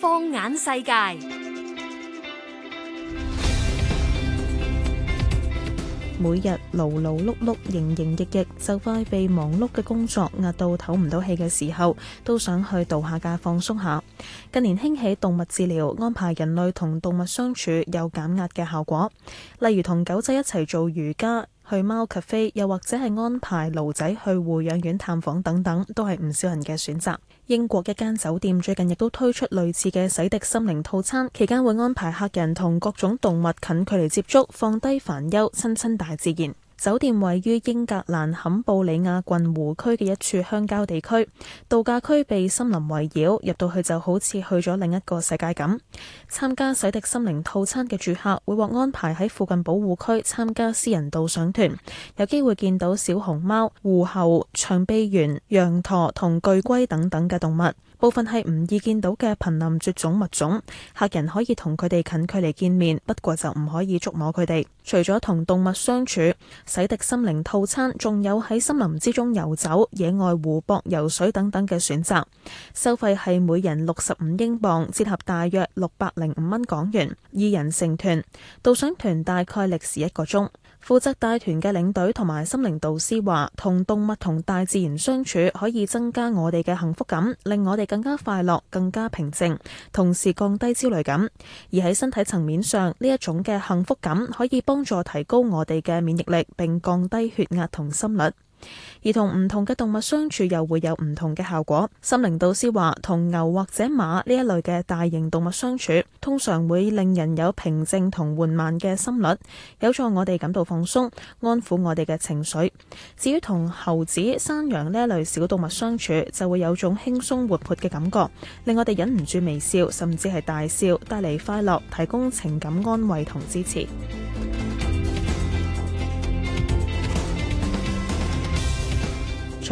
放眼世界，每日勞勞碌碌、營營役役，就快被忙碌嘅工作壓到唞唔到氣嘅時候，都想去度下假放鬆下。近年興起動物治療，安排人類同動物相處有減壓嘅效果，例如同狗仔一齊做瑜伽。去貓咖啡，又或者係安排驢仔去護養院探訪等等，都係唔少人嘅選擇。英國一間酒店最近亦都推出類似嘅洗滌心靈套餐，期間會安排客人同各種動物近距離接觸，放低煩憂，親親大自然。酒店位於英格蘭坎布里亞郡湖區嘅一處鄉郊地區，度假區被森林圍繞，入到去就好似去咗另一個世界咁。參加洗滌心靈套餐嘅住客會獲安排喺附近保護區參加私人導賞團，有機會見到小熊貓、狐猴、長臂猿、羊駝同巨龜等等嘅動物。部分係唔易見到嘅瀕臨絕種物種，客人可以同佢哋近距離見面，不過就唔可以觸摸佢哋。除咗同動物相處、洗滌心靈套餐，仲有喺森林之中遊走、野外湖泊游水等等嘅選擇。收費係每人六十五英鎊，折合大約六百零五蚊港元，二人成團。導賞團大概歷時一個鐘。負責帶團嘅領隊同埋心靈導師話，同動物同大自然相處可以增加我哋嘅幸福感，令我哋更加快樂、更加平靜，同時降低焦慮感。而喺身體層面上，呢一種嘅幸福感可以幫助提高我哋嘅免疫力，並降低血壓同心率。而同唔同嘅動物相處又會有唔同嘅效果。心靈導師話，同牛或者馬呢一類嘅大型動物相處，通常會令人有平靜同緩慢嘅心率，有助我哋感到放鬆，安撫我哋嘅情緒。至於同猴子、山羊呢一類小動物相處，就會有種輕鬆活潑嘅感覺，令我哋忍唔住微笑，甚至係大笑，帶嚟快樂，提供情感安慰同支持。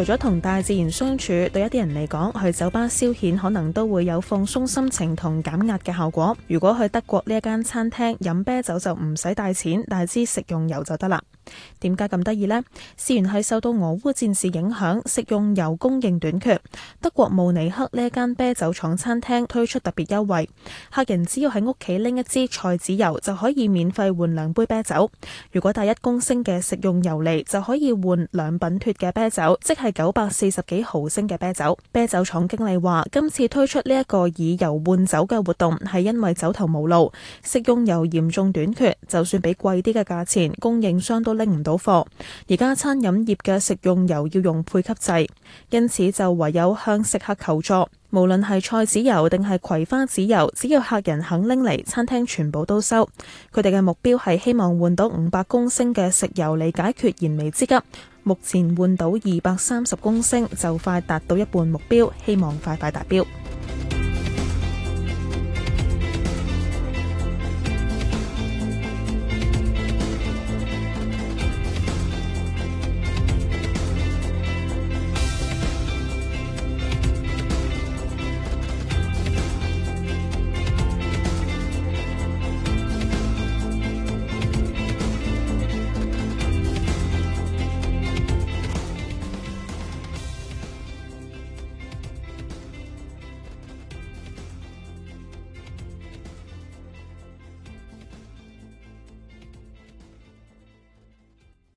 除咗同大自然相處，對一啲人嚟講，去酒吧消遣可能都會有放鬆心情同減壓嘅效果。如果去德國呢一間餐廳飲啤酒，就唔使帶錢，帶支食用油就得啦。點解咁得意呢？事源係受到俄烏戰事影響，食用油供應短缺。德國慕尼黑呢一間啤酒廠餐廳推出特別優惠，客人只要喺屋企拎一支菜籽油就可以免費換兩杯啤酒。如果帶一公升嘅食用油嚟，就可以換兩品脫嘅啤酒，即係九百四十幾毫升嘅啤酒。啤酒廠經理話，今次推出呢一個以油換酒嘅活動，係因為走投無路，食用油嚴重短缺，就算俾貴啲嘅價錢，供應商都。都拎唔到貨，而家餐飲業嘅食用油要用配給制，因此就唯有向食客求助。無論係菜籽油定係葵花籽油，只要客人肯拎嚟，餐廳全部都收。佢哋嘅目標係希望換到五百公升嘅食油嚟，解決燃眉之急。目前換到二百三十公升，就快達到一半目標，希望快快達標。